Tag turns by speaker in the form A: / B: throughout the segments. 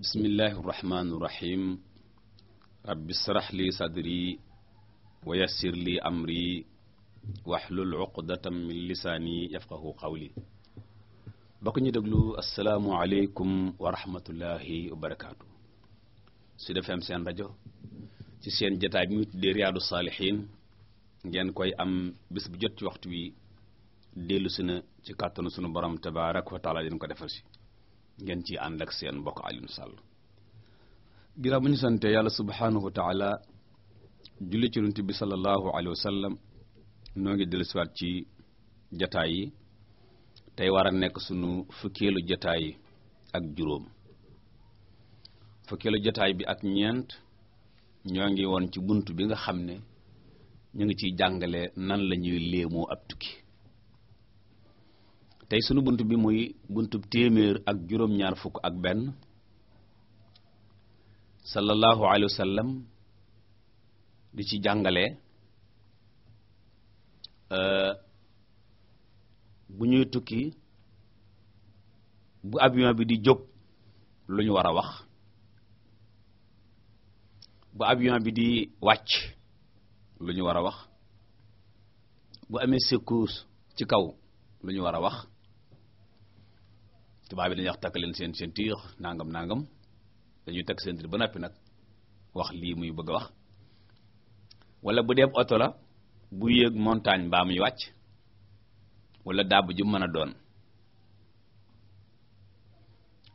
A: bismillahi irrahmani irrahim rabbi srah li sadri wa yassir li amri waxlul uqdatam min lisaani yafqahu qawli bokk ñu déglu asalaamualeykum wa rahmatullahi wa barakaatu Sud FM seen rajo ci seen jataay bi ñu tuddee Riyadou Salihine ngeen koy am bis bu jot ci waxtu wi dellu si na ci kàttanu sunu borom tabarak wa taala dina ko defal si ngeen ci ànd ak seen mbokk Alioune Sall ginnaaw bu ñu sante yàlla subhaanahu wa taala julli ci yonent bi sallallahu alayhi wa sallam noo ngi dellusiwaat ci jataay yi tey war a nekk sunu fukkeelu jataay ak juróom fukkeelu jataay bi ak ñeent ñoo ngi woon ci bunt bi nga xam ne ñu ngi ciy jàngale nan lañuy ñuy léemoo ab tukki tey sunu bunt bi muy buntub téeméer ak juróom-ñaar fukk ak benn sallallahu alayhi wa sallam di ci jàngale euh, bu ñuy tukki bu avion bi di jóg lu ñu war a wax bu avion bi di wàcc lu ñu war a wax bu amee secours ci kaw lu ñu war a wax tubaab yi dañuy takk leen seen seen tiir nangam nangam dañuy takk seen tiir ba noppi nag wax lii muy bëgg a wax wala bu dee oto la bu yéeg montagne mbaa muy wàcc wala dàbb ju mën a doon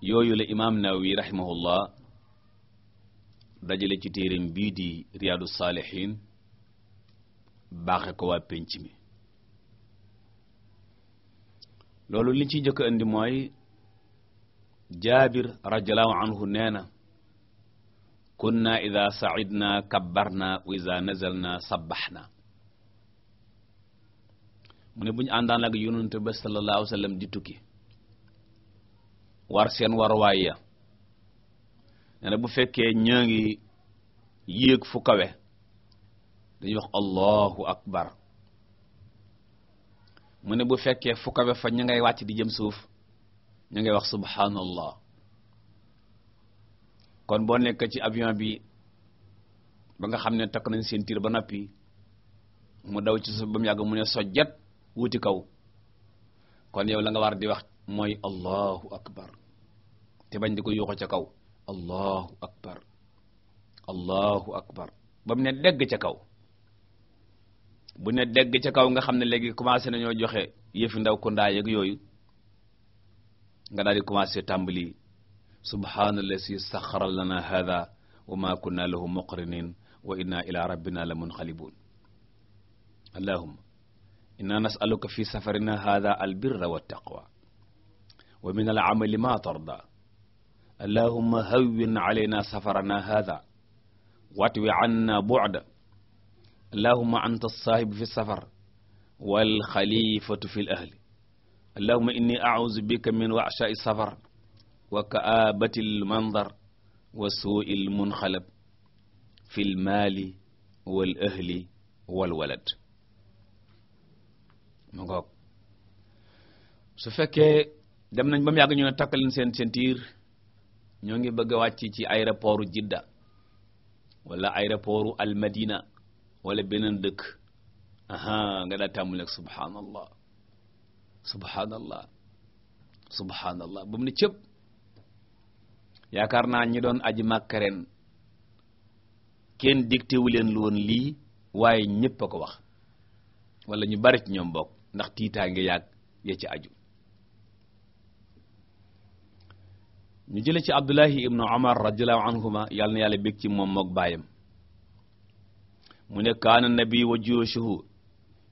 A: yooyu la imaam Nawawi rahimahullah dajale ci téereem bii di Riyadu Saalihiin baaxe ko waa penc mi loolu li ci njëkk indi mooy jaabir radiallahu anhu nee na kunna ida saidna kabbarna wa ida nazalna sabbaxna mu ne bu ñu àndaan ak ba sallallahu wa sallam di tukki war seen warwaay ya nee bu fekkee ñaa ngi yéeg fu dañuy wax allahu akbar mu ne bu fekkee fu kawe fa ñu ngay wàcc di jëm suuf ñu ngay wax subhanallah kon boo nekkee ci avion bi ba nga xam ne takk nañ seen tiir ba noppi mu daw ci suuf ba yàgg mu ne sojjat wuti kaw kon yow la nga war di wax mooy allahu akbar te bañ di ko yuuxu ca kaw allahu akbar allahu akbar ba mu ne dégg ca kaw bu ne dégg ci kaw nga xam ne léegi commencé nañoo joxe yëfi ndaw ku ndaa yeeg yooyu nga daal di commencé tàmbali subhaanallah si saxara lana hada wa ma kunna lahu muqrinin wa inna ila rabbina la munqalibun allahumma inna nas'aluka fi safarina hada albirra wattaqwa wa min al'amali ma tarda allahumma hawwin alayna safarana hada watwi anna bu'da allahumma anta as-sahib fi safar wal khalifatu fil ahli allahumma inni a'uuzu bika min wa'sha'i safar wa ka'aabatil mandar wa suu'il munxalab fil maali wal ahli wal walad mu su fekkee dem nañ ba mu yàgg ñu ne takkaleen seen ceinture ñoo ngi bëgg a wàcc ci aéroport Jidda wala aéroport Almadina wala beneen dëkk aha nga daa tàmmuleeg subhaanallah subhanallah subhanallah ba mu ne cëpp yaakaar naa ñi doon aji Makka ren kenn dictéwu leen lu woon lii waaye ñépp a ko wax wala ñu bari ci ñoom bokk ndax tiitaange yàgg ya ci aju ñu jële ci Abdullahi ibnu Umar radiyallahu anhuma yàlla na yàlla bég ci moom mook baayam mu ne kaana nabi wa juushuhu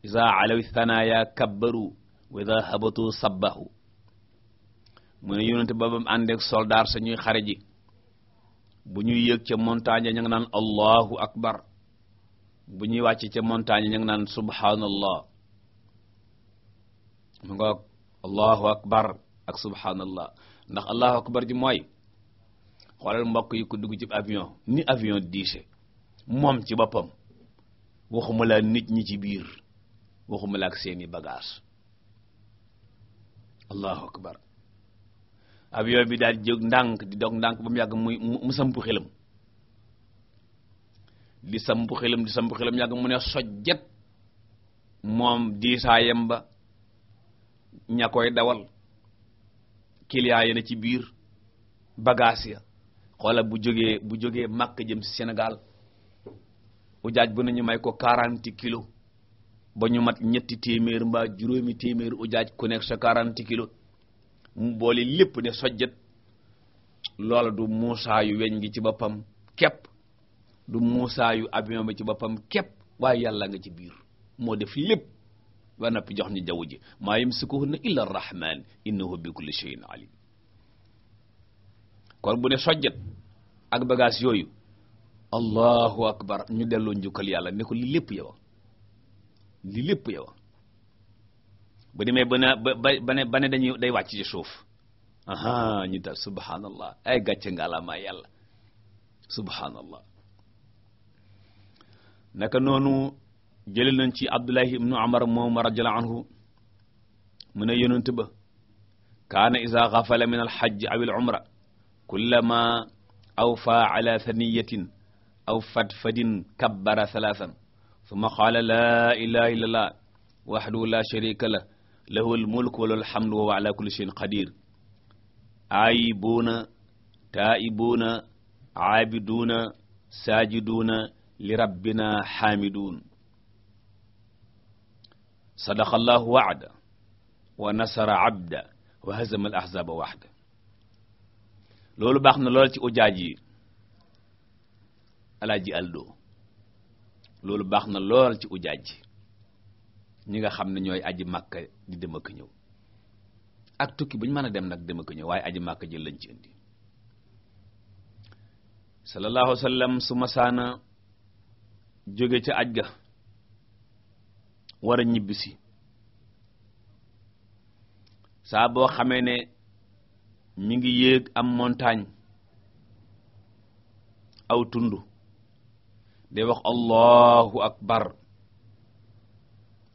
A: isa alawi thanaaya kabbaru wa ida habatu sabbahu mu ne yonente ba bam àndeek soldaar sa ñuy xare ji bu ñuy yëg ca montagne ña ngi naan allahu akbar bu ñuy wàcc ca montagne ña ngi naan subhanallah mu nga allahu akbar ak subhanallah ndax allahu akbar ji moy xoolal mbokk yi ko dugg ci avion ni avion diise moom ci boppam waxuma laa nit ñi ci biir waxuma laa seeni bagaas allahu akbar avion bi daal di jóg ndànk di dog ndànk ba mu yàgg muy mu sampu xelam di sampu xelam di sampu xelam yàgg mu ne sojjet moom diisaayam yemba ña koy dawal client yi na ci biir bagage ya xoola bu jógee bu jógee Makka jëm senegal ujaaj bu nañu may ko 40 kilos ba ñu mat ñetti téeméer mbaa juróomi téeméer ujaaj ku nekk sa kilos mu boole lépp ne sojjet loola du muusaa yu weñ gi ci boppam képp du muusaa yu avion ci boppam képp waaye yàlla nga ci biir moo def lépp ba noppi jox ñu jaww ji maa yumsikuhunna illa arrahman innahu bi kulli shay'in alim kon bu ne sojjet ak bagage yooyu allahu akbar ñu delloo njukkal yàlla ne ko li lépp yow li lépp yow bu demee ba na ba day wàcc ci suuf aha ñu daal subhanallah ay gàcce ngalamaa yàlla subhanallah naka noonu jële nañ ci Abdullahi ibnu Umar moom radiyallahu anhu mu ne yonent ba kaana iza ghafala min al aw al-umra kullama ala thaniyatin aw fadfadin kabbara thalathan summa qaala laa ilaha illa allah waxdahu la sharika la lahu almulk wa lahu alhamdu wa ala kulli shay'in qadir aayibuuna taa'ibuuna aabiduuna saajiduuna li rabbina xaamiduun sadaqa allahu wa'da wa nasara abda wa hazama al ahzaba wahda loolu baax na lool ci ujaaj yi alaaji aldo loolu baax na lool ci ujaaj ñi nga xam ne ñooy aji màkka di dem ak ñëw ak tukki bu ñu mën a dem nag dem ak ñëw waaye aji màkka jël lañ ci indi sallallahu alayhi wa sallam su masaana jóge ca aj ga war ñibbisi saa boo xamee ne mu ngi yéeg am montagne aw tund day wax allahu akbar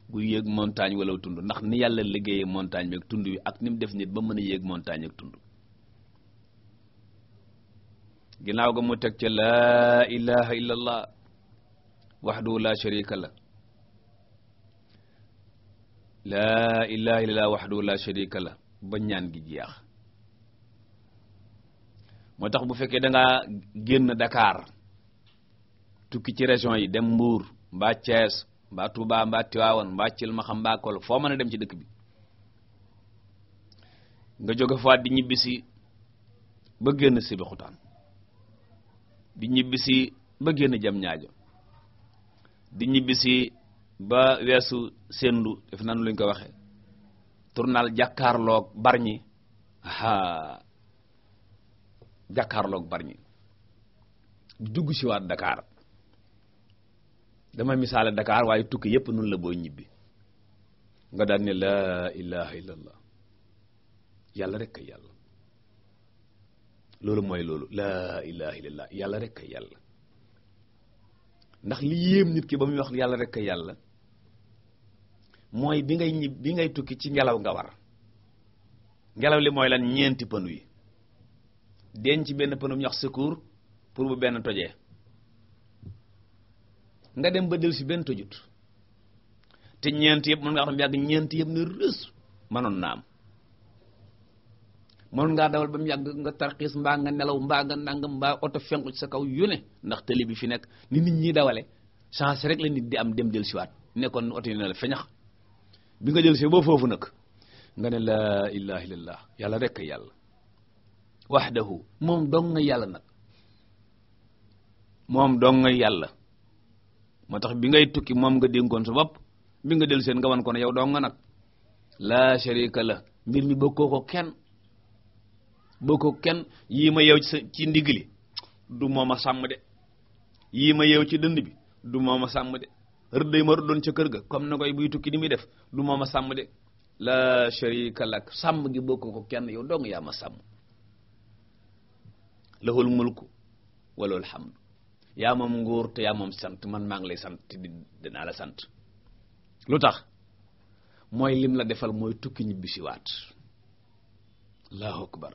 A: buy yéeg montagne wala tund ndax ni yàlla liggéey montagne bi tund wi ak ni mu def nit ba mën a yéeg montagne ak tund ginnaaw ga mu teg ca laa ilaha illa allah waxdahu la sharika la laa sharika la ba ñaan gi jeex moo tax bu fekkee da génn Dakar tukki ci région yi dem Mbour mbaa Thiès mbaa Touba mbaa Tivaouane mbaa Cilmaxam mbaa Kol foo mën a dem ci dëkk bi nga jóge fa di ñibbisi ba génn Sébikotane di ñibbisi ba génn jam ñaajo di ñibbisi ba weesu sendu def nanu luñ ko waxee tournal jàkkaarloog barñi aa jàkkaarloog barñi di dugg si waat Dakar dama misaale Dakar waaye tukki yëpp nun la boo ñibbi nga daal ne laa ilaha illallah yàlla rek kay yàlla loolu mooy loolu laa ilaha illallah yàlla rek yàlla ndax li yéem nit ki ba muy wax yàlla rekk yàlla mooy bi ngay ñib bi ngay tukki ci ngelaw nga war ngelaw li mooy la ñeenti pënu yi denc benn pënu ñax secours pour bu benn tojee nga dem ba del si benn tëjut te ñeent yëpp mën ngaa xam yàgg ñeent yëpp ne rës manoon naa am mënoon ngaa dawal ba mu yàgg nga tarxiis mbaa nga nelaw mbaa nga nangam mbaa oto fenku ci sa kaw yu ne ndax tëli bi fi nekk ni nit ñi dawale chance rek la nit di am dem del siwaat nekkoon oto yi ne la bi nga del si boo foofu nag nga ne laa ilaha illallah yàlla rekk yàlla wahdahu moom dong nga yàlla nag moom dong nga yàlla moo tax bi ngay tukki moom nga dénkoon sa bopp bi nga del seen nga wan ko ne yow doo laa sharika la mbir mi bokkoo ko kenn bokkoo kenn yii ma yeew ci sa ci ndigg li du moom a sàmm de yii ma yeew ci dënd bi du moom a sàmm de yi ma rëddoon ca kër ga comme na koy buy tukki ni muy def du moom a sàmm de laa sharika lak sàmm gi bokkoo ko kenn yow dong yaa ma sàmm lahul mulku walul hamdu yaa moom nguur te yaa moom sant man maa ngi lay sant te dinaa la sant lu tax mooy lim la defal mooy tukki ñibbisiwaat allahu akbar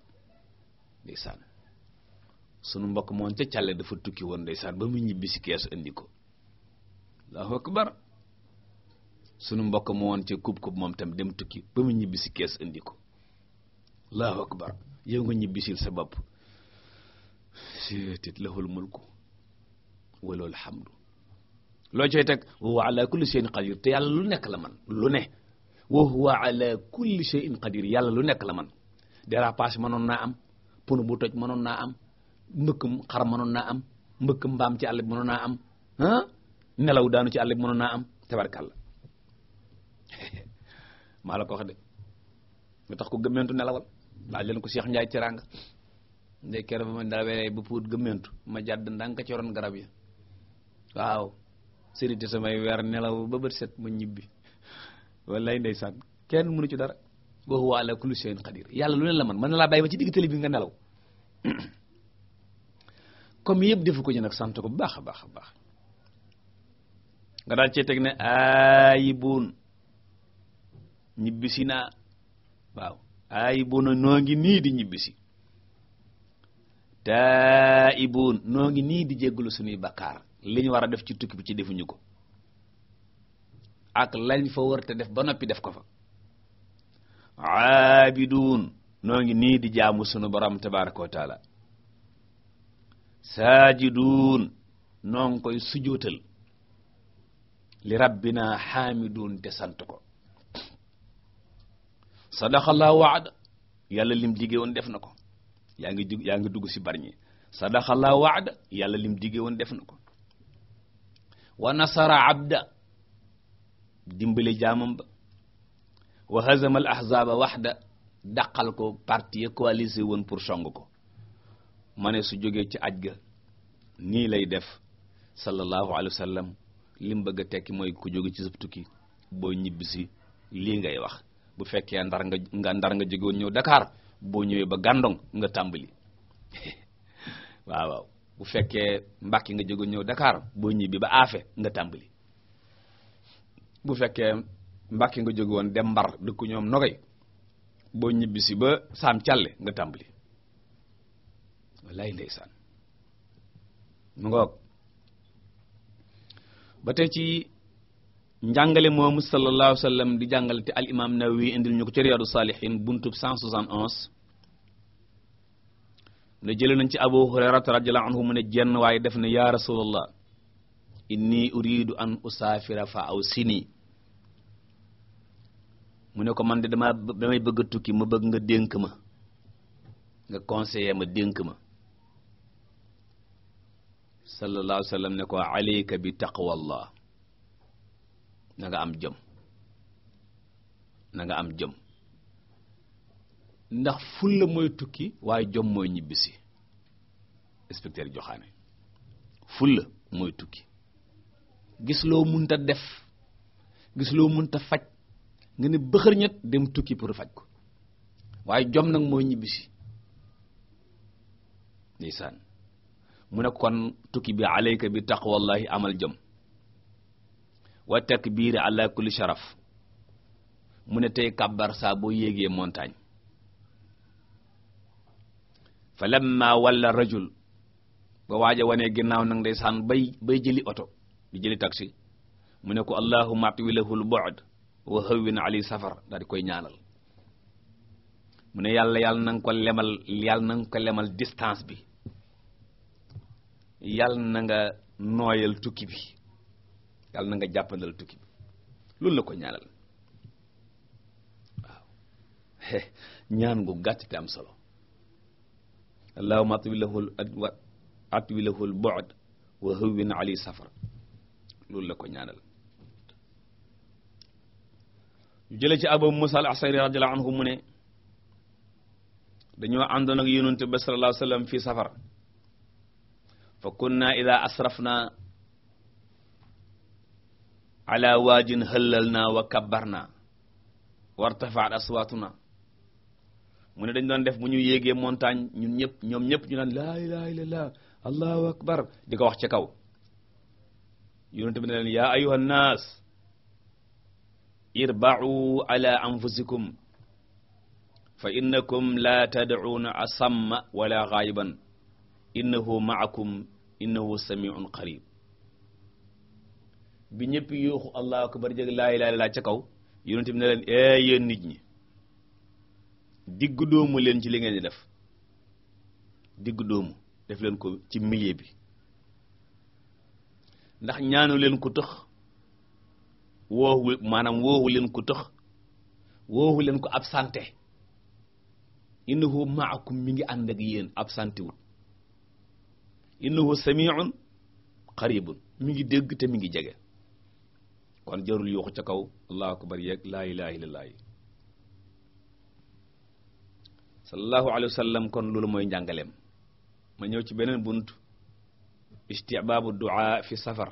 A: ndeysaan sunu mbokk moom ca càlle dafa tukki woon ndeysaan ba mu ñibbisi kees indi ko allahu akbar sunu mbokk mu woon ci kub kub moom tam dem tukki ba mu ñibbisi kees indi ko allahu akbar yow nga ñibbisil sa bopp si tit lahul mulku wala alhamdu loo cay teg wa huwa ala kulli shay'in qadir te yàlla lu nekk la man lu ne wa huwa ala kulli shay'in qadir yàlla lu nekk la man dérapage mënoon naa am pono bu toj mënoon naa am mbëkkam xar mënoon naa am mbëkkam mbaam ci àll bi mënoon naa am ah nelaw daanu ci àll bi mënoon naa am tabarkàlla ma la ko wax de nga tax ko gëmmentu nelawal laaj leen ko Cheikh Ndiaye ci ràng nde keroog ba ma nelawee ba puut gëmmentu ma jàdd ndànk ci ron garab yi waaw sérité samay weer nelaw ba bët set ma ñibbi wallaay ndeysaan kenn mënu ci dara wa huwa ala kulli shay'in qadir yàlla lu ne la man mën na laa bàyyi ba ci digg télé bi nga nelaw comme yëpp defu ko ñu nag sant ko bu baax a baax a baax nga daal cee teg ne aayibun ñibbisi naa waaw aayibun noo ngi nii di ñibbisi taa'ibun noo ngi nii di jégglu suñuy bakkaar li ñu war a def ci tukki bi ci defuñu ko ak lañ fa wër te def ba noppi def ko fa aabidun noo ngi nii di jaamu sunu borom tabaraka wa taala saajidun noo ngi koy sujootal li rabbina xaamidun te sant ko sadaqallahu waada yàlla lim digée woon def na ko yaa ngi yaa ngi dugg si ñi sadaqallahu waada yàlla lim digée woon def na ko wa nasara abda dimbali jaamam ba wa hazama al ahzaba waxda daqal ko parti ya coalisé woon pour song ko mane su jógee ci aj ga nii lay def sallallahu alayhi wa sallam li bëgg a tekki mooy ku jóge ci sab boo ñibbisi lii ngay wax bu fekkee ndar nga nga ndar nga jóge ñëw Dakar boo ñëwee ba gàndong nga tàmbali waaw bu fekkee mbakki nga jóge ñëw Dakar boo ñibbi ba Afe nga tàmbali bu fekkee Mbàkke nga jóge dem Mbar dëkku ñoom Nogay boo ñibbi si ba Saam Càlle nga tàmbali wallaay ndeysaan mu ngoog ba tey ci njàngale moom sallallahu alayhi wa sallam di jàngale te al imam Nawawi indil ñu ko ci Riyadou Salihine buntub 171 ne jëlee nañ ci abu hurayrata radiyallahu anhu mu ne jenn waaye def na ya rasulallah inni uridu an usaafira fa aw sini mu ne ko man de dama damay bëgg a tukki ma bëgg nga dénk ma nga conseiller ma dénk ma sallallahu alayhi ne ko alayka bi taqwallah na nga am jëm na nga am jëm ndax ful la mooy tukki waaye jom mooy ñibbisi inspecteur joxaane la mooy tukki gis loo munta def gis loo munta faj nga ne bëxër dem tukki pour faj ko waaye jom nag mooy ñibbisi ndeysaan mu ne kon tukki bi alayka bi taqwallahi amal jom wa takbir ala kulli sharaf mu ne tey kàbbar saa boo yéegee montagne fa lamma walla rajul ba waaj a wanee ginnaaw nag ndeysaan bay bay jëli oto di jëli taxi mu ne ko allahumma atwi lahu al bu'd wa ali safar daal koy ñaanal mu ne yàlla yàlla na ko lemal yàlla na ko lemal distance bi yàlla na nga nooyal tukki bi yàlla na nga jàppandal tukki bi loolu la ko ñaanal waaw ñaan gu gàtt te am solo allahumma atwi lahul atwi lahul bu'd wa hawwin ali safar loolu la ko ñaanal ñu jële ci abu musa al asari radiyallahu anhu mu ne dañoo àndoon ak yonent bi sallallahu alayhi wasallam fi safar fa kunna idha asrafna ala waajin hallalna wa kabbarna wartafa'at aswatuna mu ne dañ doon def bu ñu yéegee montagne ñu ñëpp ñoom ñëpp ñu naan laa ilaha illallah allahu akbar di ko wax ca kaw yonente bi ne leen yaa ayuha nnaas irba'u ala anfusikum fa innakum la tad'una asamma wala ghaiban innahu ma'akum innahu sami'un qarib bi ñëpp yuuxu allahu akbar jég laa ilaha illallah ca kaw yonente bi ne leen ee yéen nit ñi diggu doomu leen ci li ngeen di def diggu doomu def leen ko ci milieu bi ndax ñaanu leen ku tëx woowu maanaam woowu leen ku tëx woowu leen ko absenté innahu maakum mi ngi ànd ak yéen absenté wut innahu samiun qaribun mi ngi dégg te mi ngi jege kon jarul yuuxu ca kaw allahu akbar yeeg laa ilaha illallah sallallahu alayhi wa sallam kon loolu mooy jàngaleem ma ñëw ci beneen bunt istihbaabu du'a fi safar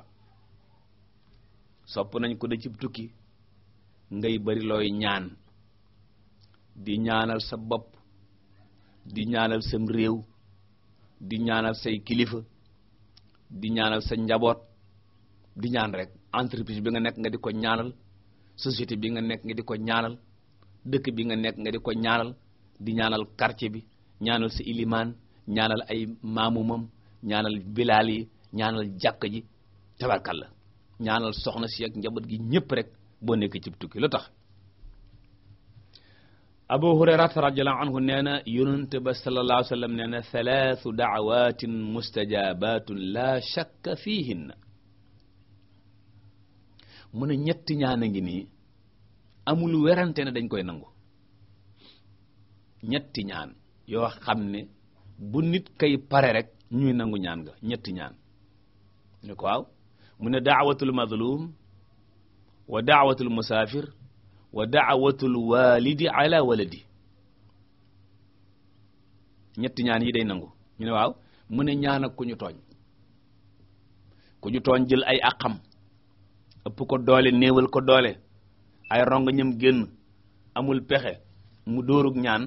A: sopp nañ ko de ci tukki ngay bari looy ñaan di ñaanal sa bopp di ñaanal sam réew di ñaanal say kilifa di ñaanal sa njaboot di ñaan rek entreprise bi nga nekk nga di ko ñaanal société bi nga nekk nga di ko ñaanal dëkk bi nga nekk nga di ko ñaanal di ñaanal quartier bi ñaanal sa ilimaan ñaanal ay maamumam ñaanal bilaal ñaanal jàkk ji tabarkalla ñaanal soxna si ak gi ñëpp rek boo nekk ci tukki lu tax abu hurayrata radiyallahu anhu nee na yonente ba sallallahu alayhi wa sallam nee la shakka fihinna mu ñetti ñaana a ngi nii amul werante ne dañ koy nangu ñetti ñaan yoo xam ne bu nit kay pare rek ñuy nangu ñaan nga ñetti ñaan ne ko waaw mu ne daawatul mazlum wa daawatul musaafir wa daawatul walidi ala waladi ñetti ñaan yi day nangu ñu ne waaw mu ne ñaan ak ku ñu tooñ ku ñu tooñ jël ay àqam ëpp ko doole néewal ko doole ay rong ñam génn amul pexe mu dóorug ñaan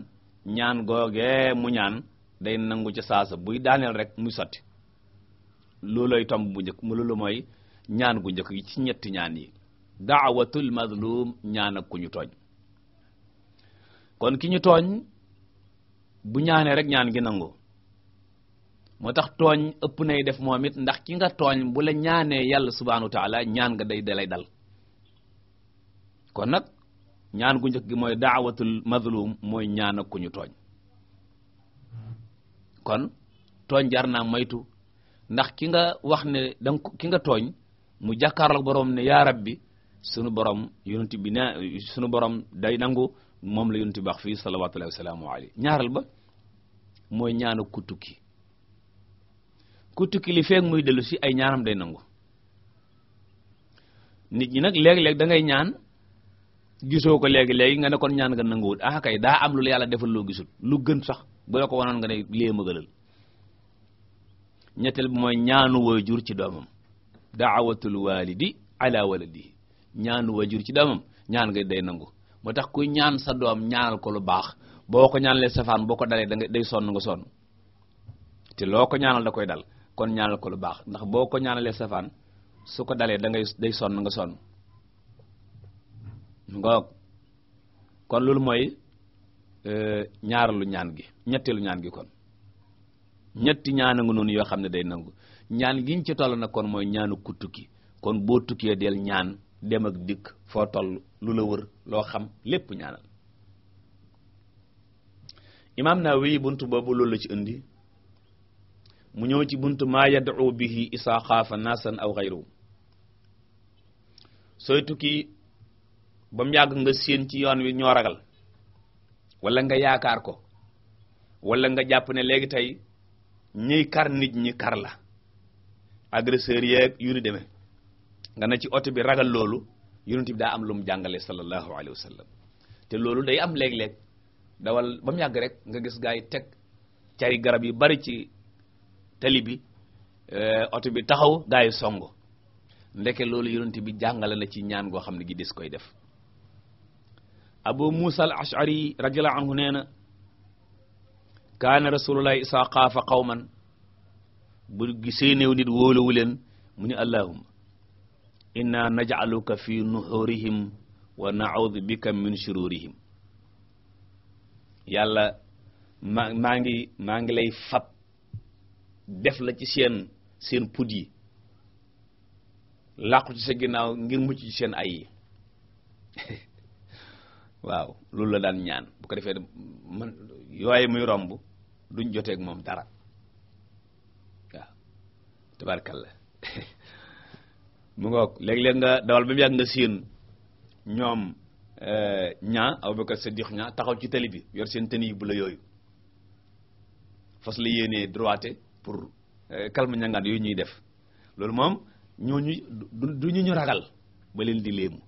A: ñaan googee mu ñaan day nangu ci saasa buy daaneel rek muy sotti loolooy tomb bu njëkk mu loolu mooy ñaan gu njëkk yi ci ñetti ñaan yi daawatul mazlum ñaan ku ñu tooñ kon ki ñu tooñ bu ñaanee rek ñaan gi nangu moo tax tooñ ëpp nay def moom it ndax ki nga tooñ bu la ñaanee yàlla subhanahu wa taala ñaan nga day dalay dal kon nag ñaan gu njëkk gi mooy daawatul mazlum mooy ñaan ak ñu tooñ kon tooñ jaar naa maytu ndax ki nga wax ne dang ki nga tooñ mu jàkkaarloog borom ne yaa rabbi sunu borom yonent bi sunu borom day nangu moom la yonent bi wax fii sallallahu alayhi wa sallam ñaaral ba mooy ñaan ak ku tukki li feek muy dellu si ay ñaanam day nangu nit ñi nag léeg-léeg da ngay ñaan. gisoo ko léegi léegi nga ne kon ñaan nga nanguwul ah kay daa am lu yàlla defal loo gisul lu gën sax bu la ko wanoon nga ne lee ma gëlal ñetteel bi mooy ñaanu waajur ci doomam daawatul walidi ala waladihi ñaanu waajur ci doomam ñaan nga day nangu moo tax kuy ñaan sa doom ñaanal ko lu baax boo ko ñaanalee safaan boo ko dalee da nga day sonn nga sonn te loo ko ñaanal da koy dal kon ñaanal ko lu baax ndax boo ko ñaanalee safaan su ko dalee da ngay day sonn nga sonn ngoog kon loolu mooy euh, ñaareelu ñaan gi ñetteelu ñaan gi kon ñetti ñaan nga noonu yoo xam ne day nangu ñaan giñ ci toll nag kon mooy ñaanu ku tukki kon boo tukkee del ñaan dem ak dikk foo toll lu la wër loo xam lépp ñaanal imaam Nawawi bunt boobu loolu la ci indi mu ñëw ci bunt maa yad'u bihi isaa xaafa nasan aw xayru sooy tukki ba mu yàgg nga séen ci yoon wi ñoo ragal wala nga yaakaar ko wala nga jàpp ne léegi tey ñiy kar nit ñi kar la agresseur yee yu ni demee nga na ci oto bi ragal loolu yonent bi daa am lu mu jàngale sallallahu alayhi wa sallam te loolu day am léeg dawal ba mu yàgg rek nga gis gaa yi teg cari garab yu bari ci tali bi euh, oto bi taxaw gaa yi songo ndeke loolu yonent bi jàngale na ci ñaan goo xam ne gi des koy def abu musa al ashari radiyallahu anhu nee na kaana rasulullah isaa xaafa qawman bu gisee néew nit wóolowu leen mu ni allahumma inna naj'aluka fi nuhurihim wa na'udhu bika min shururihim yàlla maa ngi lay fab def la ci seen seen put yi làqu ci sa ginnaaw ngir mucc ci seen ay waaw loolu la daan ñaan bu ko defee man yooyu muy romb duñ joteeg moom dara waaw tabarkalla mu ngoog léeg-léeg nga dawal ba mu yàgg nga séen ñoom eh, ñaa Abubakar Siddiq ñaa taxaw ci tali bi yor seen tëni bu la yooyu fas la yéenee droite pour eh, calme ñangaan yooyu ñuy def loolu moom ñooñu du ñu ñu ragal ba leen di léemu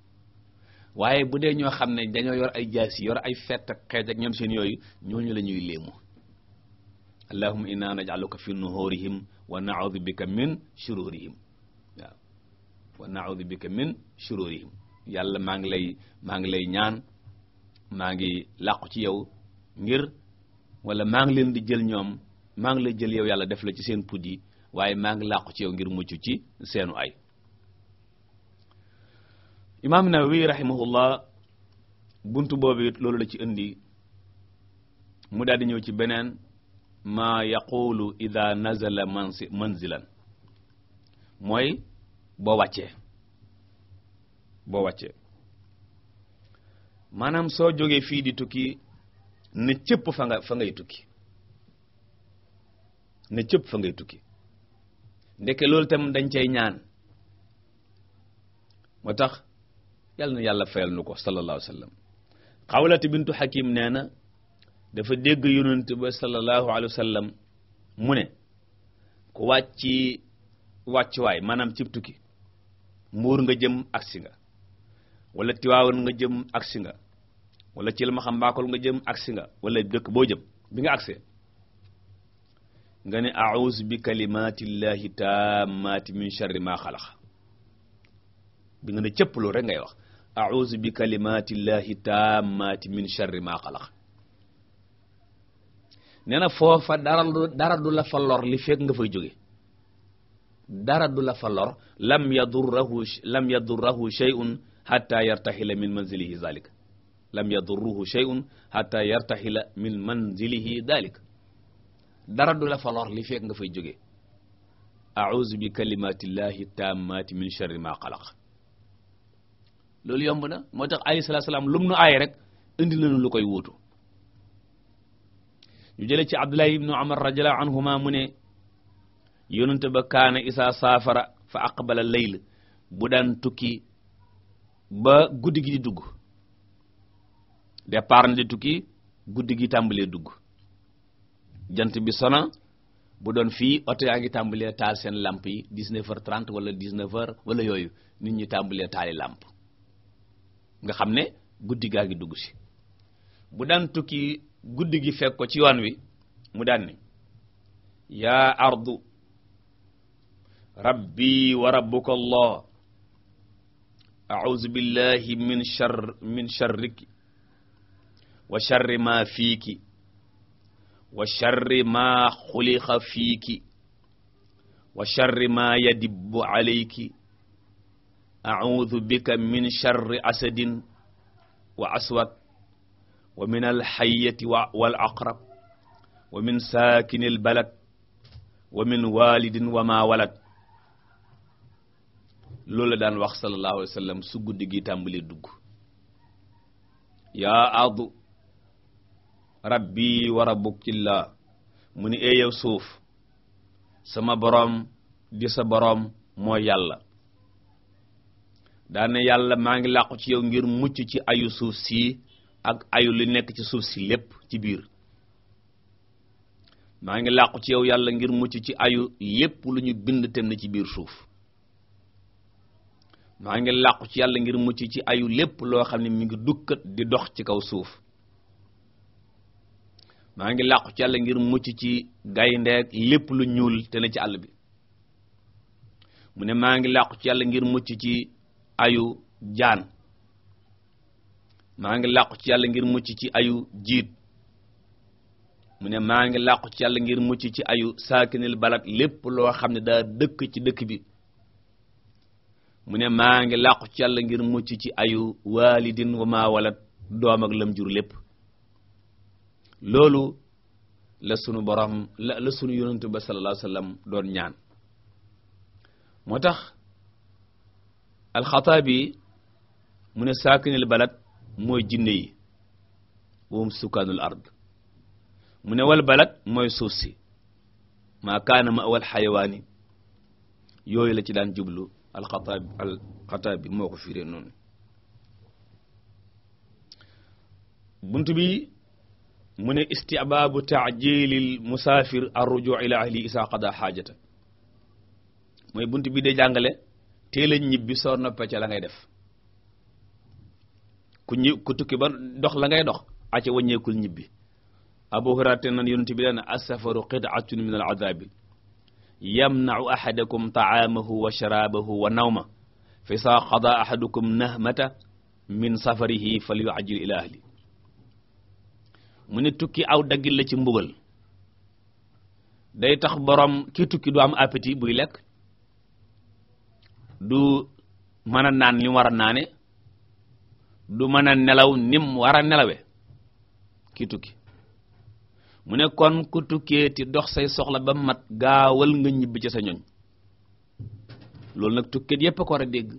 A: waaye bu dee ñoo xam ne dañoo yor ay jaasi yor ay fett ak xeej ak ñoom seen yooyu ñooñu la ñuy léemu allahumma inna naj'aluka fi nuhurihim wa na'udhu bika min shururihim waaw wa na'udhu bika min shururihim yàlla maa ngi lay maa ngi lay ñaan maa ngi làqu ci yow ngir wala maa ngi leen di jël ñoom maa ngi lay jël yow yàlla def la ci seen put waaye maa ngi làqu ci yow ngir mucc ci seenu ay imaam Nawawi rahimahullah bunt boobu loolu la ci indi mu daal di ñëw ci beneen ma yaqulu ida nazala mansi manzilan mooy boo wàccee boo wàccee maanaam soo jógee fii di tukki ne cëpp fa ngay tukki ne cëpp fa ngay tukki ndeke loolu tam dañ cay ñaan moo tax yàlla na yàlla fayal nu ko sallallahu alayhi wa sallam xawlati bintu Hakim nee na dafa dégg yonent ba sallallahu alayhi wa sallam mu ne ku wàcc wàccuwaay maanaam cib tukki mbuur nga jëm agsi nga wala tiwaawan nga jëm agsi nga wala ci la ma nga jëm agsi nga wala dëkk boo jëm bi nga agsee nga ne a'uuzu bi kalimatillahi tammati min sharri ma xalax bi nga ne cëpp loolu rek ngay wax auzu bi kalimatillahi taammaati min sharri maa xalaq nee na foofa dara du dara du la fa lor li fekk nga fay jóge dara du la fa lor lam yadurruhu lam yadurruhu shay'un hatta yartaxila min manzilihi zalik lam yadurruhu shay'un hatta yartaxila min manzilihi dalik dara du la fa lor li fekk nga fay jóge auzu bi kalimatillahi taammaati min sharri maa xalaq loolu yomb na moo tax alayhi salaatu salaam lum nu aaye rek indi nañu lu koy wuutu ñu jële ci Abdullah ibnu Umar radiyallahu anhuma mu ne yonente ba kaana isaa saafara fa aqbala layl bu daan tukki ba guddi gi di dugg départ na di tukki guddi gi tàmbalee dugg jant bi sona bu doon fii oto yaa ngi tàmbalee taal seen lamp yi 19h30 wala 19h wala yooyu nit ñi tàmbalee taali lamp nga xam ne guddi gaa ngi dugg si bu daan tukki guddi gi fekk ko ci yoon wi mu daan ni yaa ardu rabbi wa rabbuka allah a'udhu billahi min sharr min sharriki wa sharri ma fiiki wa sharri ma xuliqa fiiki wa sharri ma yadibbu alayki audu bika min charri asadin wa aswad wa min alxayati wal aqrab wa min saakini albalad wa min walidin wa ma walad loolu la daan wax sallallahu alayhi wa sallam su guddi gi tàmbali dugg yaa ardu rabbi wa rabbukillah mu ni eeyow suuf sama boroom di sa boroom moo yàlla daan yàlla maa ngi làqu ci yow ngir mucc ci ayu suuf si ak ayu li nekk ci suuf si lépp ci biir maa ngi làqu ci yow yàlla ngir mucc ci ayu lépp ci biir suuf maa ngi làqu ci yàlla ngir mucc ci ayu lépp loo xam ni mi ngi dukkat di dox ci kaw suuf maa ngi làqu ci yàlla ngir mucc ci gayndeek lépp lu ñuul te na ci àll bi mu ne maa ngi làqu ci yàlla ngir mucc ci ayu jaan maa ngi làqu ci yàlla ngir mucc ci ayu jiit mu ne maa ngi làqu ci yàlla ngir mucc ci ayu saakinil balad lépp loo xam ne daa dëkk ci dëkk bi mu ne maa ngi làqu ci yàlla ngir mucc ci ayu waalidin wa maa walad doom ak lam jur lépp loolu la sunu borom la sunu yonentu ba sallallahu alayhi doon ñaan moo tax alxataabi mu ne saakinil balad mooy jinne yi wahum sukkaanul ard mu ne wal balad mooy suuf si maa kaana ma awal xayawaani yooyu la ci daan jublu alxataabi alxataabi moo ko firee noonu bunt bi mu ne istihbaabu taajilil musaafir ar rujuu ila ahli isaa qada xaajata mooy bunt bi de jàngale teel a ñibbi soo ku tukki ba dox la ngay dox a ca wàññeekul ñibbi abu hurayra nan yonent bi min al-'adhabi yamna'u ahadakum ta'amahu wa sharabahu wa nawma fa isa qada ahadukum nahmata min safarihi falyu'ajjil ila ahli mu ne tukki aw daggil la ci mbugal day tax borom ki tukki du am appétit buy lekk du mën a naan li mu war a naane du mën a nelaw nim war a nelawe ki tukki mu ne kon ku tukkee dox say soxla ba mat gaawal nga ñibbi ci sa ñoñ loolu nag tukkeet yépp a ko war a dégg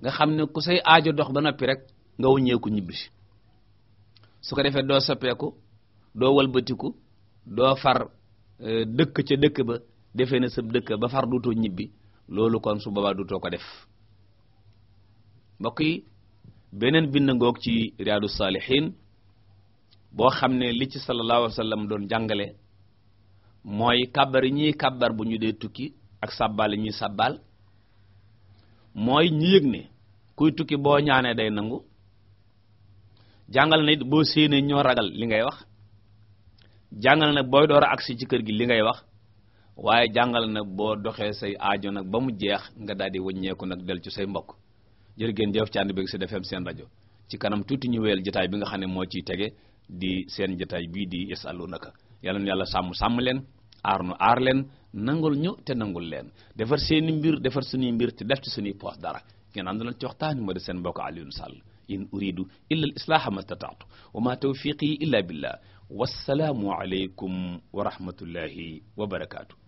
A: nga xam ne ku say aajo dox ba noppi rek nga wuññeeku ñibbi su ko defee doo soppeeku doo walbatiku doo far euh, dëkk ca dëkk ba defee na sa dëkk ba far duutoo ñibbi loolu kon su boobaa too ko def mbokk yi beneen bind ngoog ci riyaadu saalihiin boo xam ne li ci sallallahu alayhi wa sallam doon jàngale mooy kàbbar yi ñuy kàbbar bu ñu dee tukki ak sàbbaal yi ñuy sàbbaal mooy ñu yëg ne kuy tukki boo ñaanee day nangu jàngal na it boo séenee ñoo ragal li ngay wax jàngal na booy door a agsi ci kër gi li ngay wax waaye jàngal nag boo doxee say aajo nag ba mu jeex nga daal di wëññeeku nag del ci say mbokk jërëgéen jëf ci ànd bi si defem seen rajo ci kanam tuuti ñu weel jotaay bi nga xam ne moo ciy tege di seen jotaay bii di yasalunaka yàlla nu yàlla sàmm sàmm leen aar nu aar leen nangul ñu te nangul leen defar seeni mbir defar suñuy mbir te def ci suñuy poos dara ngeen ànd na ci waxtaani ma di seen mbokk Alioune Sall in uridu illa al islaha ma stata'tu wa ma tawfiqi illa billah wassalaamu alaykum wa rahmatullahi wa barakatuh